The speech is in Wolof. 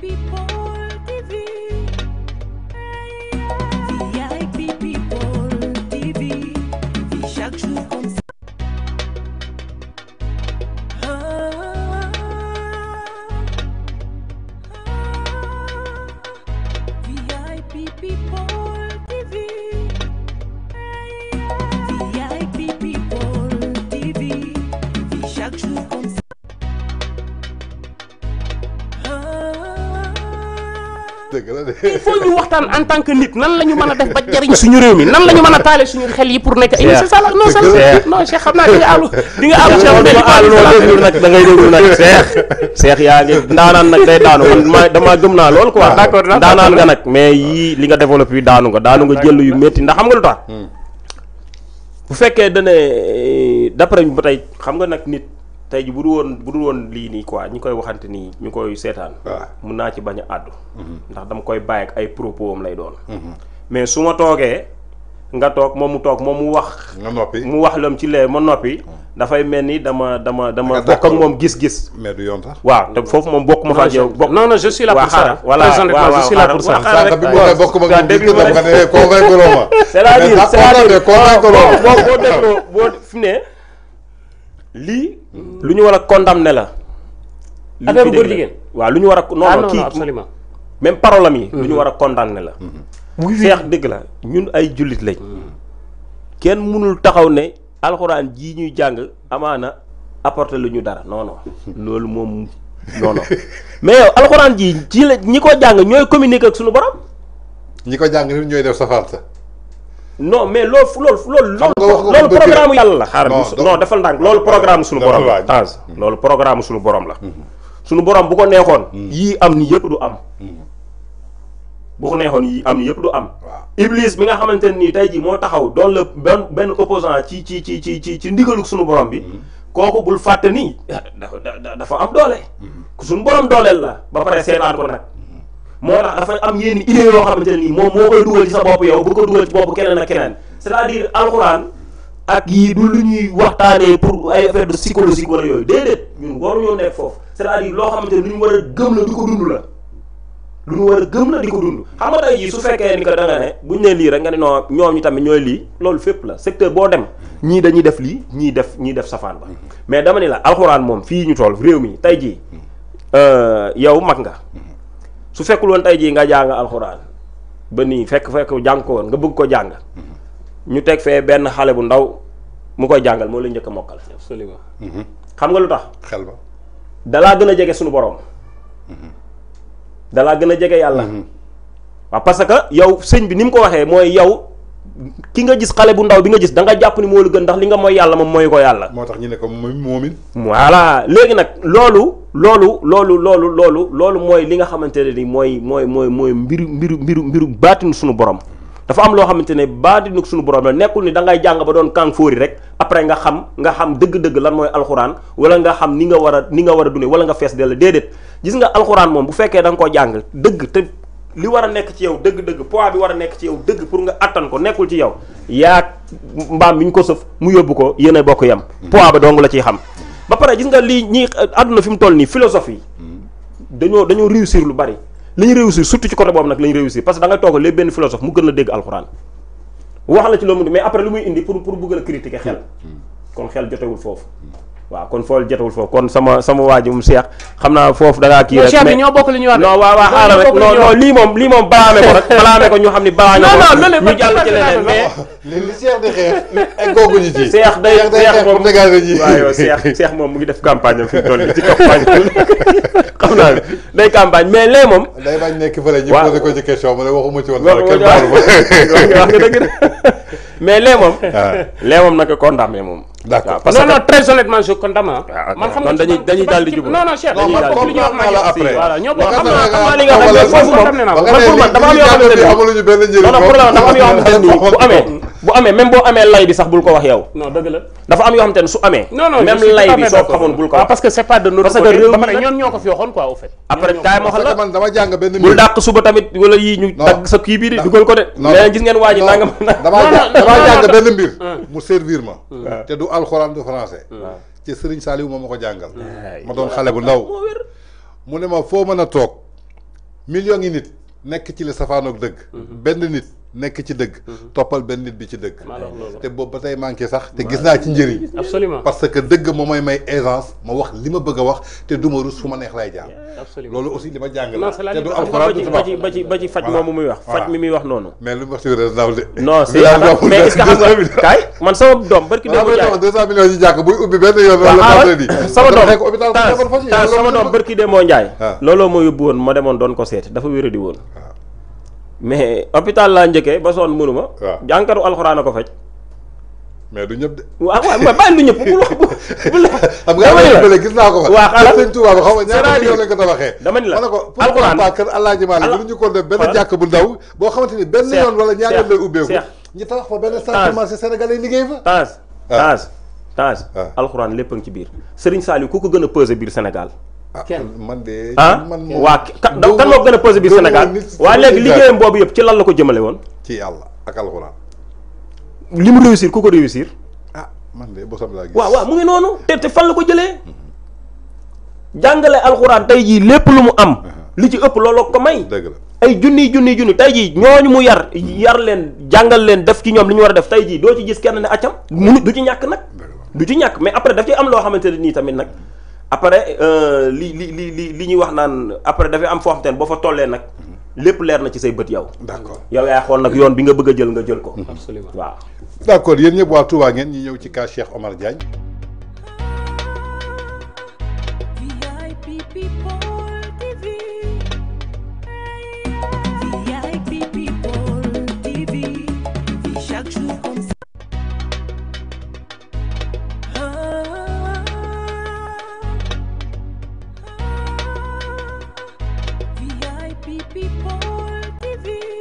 people. il faut ñu waxtaan en tant que nit nan la ñu mën a def ba jariñ suñu réew mi nan la ñu mën a taale suñu xel yi pour nekk ay c'est ça la non c'est non Cheikh xam naa di nga àllu di nga àllu Cheikh nag da ngay déglu nag Cheikh Cheikh yaa ngi ndaanaan nag day daanu man ma damaa gëm naa lool quoi ah, d'accord ndaanaan nga nag mais yii li nga développé yu daanu nga daanu nga ah, jël yu métti ndax xam nga lu tax hmm. bu fekkee dane eh, d'après ba tey xam nga nag nit tey ji bu dul woon bu dul lii nii quoi ñu koy waxante nii ñu koy seetaan. mun naa ci bañ a àddu. Mhm. ndax dama koy bàyyi ak ay propos am lay doon. Mhm. mais su ma toogee nga toog moom mu toog moom mu wax. nga noppi mu wax lam ci leer ma noppi. Mhm. dafay mel ni dama dama dama bokk ak moom gis-gis. mais yoon sax. waaw te foofu moom bokkuma fa ak yow. non non je suis là pour ça. voilà waaw je suis là pour ça. sànq boo boo fi ne. lii. Hmm. lu ñu war a condamné la. affaire góor jigéen waaw lu ñu war a. Ah, non non kii absolument même parole yi. lu ñu hmm. war a condamné la. Hmm. muy seex dëgg la ñun ay jullit lañ. kenn mënul taxaw ne alxuraan jii ñuy jàng amaana apporte lu ñu dara non loolu moom non non mais yow alxuraan jii ñi ko jàng ñooy communiquer ak suñu borom. ñi ko jàng ñooy def safaan sa non mais loolu loolu loolu. loolu programme yàlla la. xaaral non defal ndànk loolu programme suñu borom la. Tange mm-hmm. loolu programme suñu borom la. Mm-hmm. suñu borom mm-hmm. bu ko neexoon. yii am ni yëpp du am. bu ko neexoon yii am ni yëpp du am. Iblis bi nga xamante ne nii tey jii moo taxaw doon la benn benn opposant ci ci ci ci ci ci ndigalu suñu borom bi. kooku bul fàtte ni eh, dafa dafa am doole. suñu borom dooleel la ba pare seetaan ko nag. moo tax dafa am yenn idée yoo xamante ne nii moom moo koy dugal ci sa bopp yow bu ko dugal ci bopp keneen ak keneen cest à alxuraan ak yii du lu ñuy waxtaanee pour ay affaire de psychologique wala yooyu déedéet ñun waruñoo nekk foofu c'est-à-dire loo xamante ne lu ñu war a gëm la di ko dund la lu ñu war a gëm la di ko dund xam nga tey jii su fekkee ni que da nga ne buñ ne lii rek nga ne non ñoom ñi tamit ñooy lii loolu fépp la secteur boo dem ñii dañuy def lii ñii def ñii def safaan mais dama ni la alxuraan moom fii ñu toll réew mi tey jii euh, yow mag nga su fekkul woon tey jii nga jàng alxuraan ba nii fekk fekk jàng ko woon nga bëgg ko jàng mhm. ñu teg fee benn xale bu ndaw mu koy jàngal moo lay njëkk a mokkal. absolument. Mhm. xam nga lu tax. xel ba dalaa gën a jege suñu borom. Mhm. dalaa gën a jege yàlla. waaw parce que yow sëñ bi ni mu ko waxee mooy yow. ki nga gis xale bu ndaw bi nga gis danga nga jàpp ni moo la gën ndax li nga mooy yàlla moom mooy ko yàlla. moo tax ñu ne ko moomin. voilà léegi nag loolu. loolu loolu loolu loolu loolu mooy li nga xamante ne ni mooy mooy mooy mooy mbiru mbiru mbiru mbiru baatinu suñu borom. dafa am loo xamante ne baatinu suñu borom la nekkul ni da ngay jàng ba doon kàng fóori rek après nga xam nga xam dëgg-dëgg lan mooy alxuraan wala nga xam ni nga war a ni nga war a dundee wala nga fees dell déedéet gis nga alxuraan moom bu fekkee da nga koo jàng dëgg te li war a nekk ci yow dëgg-dëgg poids bi war a nekk ci yow dëgg pour nga attan ko nekkul ci yow yaa mbaam mi ñu ko sëf mu yóbbu ko yéen a bokk yem. poids ba dong la ciy xam. ba pare gis nga lii ñii àdduna fi mu toll nii philosophie yi dañoo dañoo réussir lu bari li ñu réussir surtout ci côté boobu nag la ñu réussir parce que da toog lépp benn philosophe mu gën a dégg alxuraan wax la ci loo mu mais après lu muy indi pour pour bëgg a critiquer xel hmm. kon xel jotewul foofu waaw kon fool jotawul foofu kon sama sama waajum Cheikh xam naa foofu da ngaa kii rek mais bokk li ñu wax non waaw waaw xaaral rek non lii moom lii moom balaame ko ko ñu xam ni balaame ko ñu jàll ci leneen mais li li Cheikh di moom waaw ngi def campagne xam naa day campagne lee moom day bañ nekk fële ñu posé ko ci question ma ma wax nga dëgg mais lee moom ah. lee moom naka condamné moom d'accord parce que non ah, non am yoo xamante ne bu amee bu boo amee lay bi sax bul ko wax yow non dëgg la dafa am yoo xamante ne su amee même lay bi soo xamoon bul ko wax ah, parce c'est pas de notre ba pare ñoon ñoo xam la bul dàq suba tamit wala yii ñu dagg sa kii bii di dugal ko de mais gis ngeen waa ji nangam dama jàng benn mbir mu servir ma alxuraan du français. ci hmm. Serigne Saliou moom ma ko jàngal. ma doon xale bu ndaw. mu ne ma foo mën a toog million yi nit nekk ci li safaanook dëgg. Hmm. benn nit. nekk ci dëgg. Mhm. toppal benn nit bi ci dëgg. te boobu ba tey manqué sax te gis naa ci njëriñ. absolument parce que dëgg moom mooy may aisance ma wax li ma bëgg a wax te du ma rus fu ma neex lay jaar. loolu aussi li ma jàng la. te du alxuraan du ba ci ba ci ba muy wax. faj mi muy wax noonu. mais lu mu wax si wér que xam nga kaay man sama doom barki démb jaay 200 millions yi jàkk buy ubbi benn yoon. waaw ah, sama doom temps sama doom barki démb Ndiaye. Ah. looloo moo yóbbu woon ma demoon doon ko seet dafa wéradi woon ah. mais hôpital laa njëkkee ba sonn mënuma. waaw jànkaru alxuraan a ko faj. mais du ñëpp de. waaw waaw mais du ñëpp bu wax bu gis naa ko fa. waaw xanaa xaw ma ñaata million lañ ko tabaxee. dama ni la bu ndaw. boo xamante ni benn wala ñaar yoon lay ubbeeku. ñu tabax fa benn centre marché sénégalais liggéey fa. Tange Tange Tange. alxuraan lépp ci biir Serigne Saliou ku ko gën a peser biir senegal Ah, kenn man de. ah waa kan kan moo gën a posé biir Sénégal waa léegi liggéeyam boobu yëpp ci lan la ko jëmale woon. ci yàlla ak alxuraan. li mu réussir ku ko réussir. ah man de bosam laa gis. waaw waaw mu ngi noonu te te fan la ko jëlee. jàngale alxuraan tey jii lépp lu mu am. Uh-huh. li ci ëpp looloo ko may. dëgg la ay junniy junniy junni tey jii ñooñu mu yar. Uh-huh. yar leen jàngal leen def ci ñoom li ñu war a def tey jii doo ci gis kenn ne accam. mu du ci ñàkk nag. du ci ñàkk mais après daf ci am loo xamante ne nii tamit nag. après euh, li li li li li ñuy wax naan après dafay am foo xam boo fa tollee nag lépp leer na ci say bët yow. d'accord yow yaa xool nag yoon bi nga bëgg a jël nga jël ko. absolument waaw. d'accord yéen ñëpp waa Touba ngeen ñi ñëw ci cas Cheikh Omar Diagne. Happy People TV.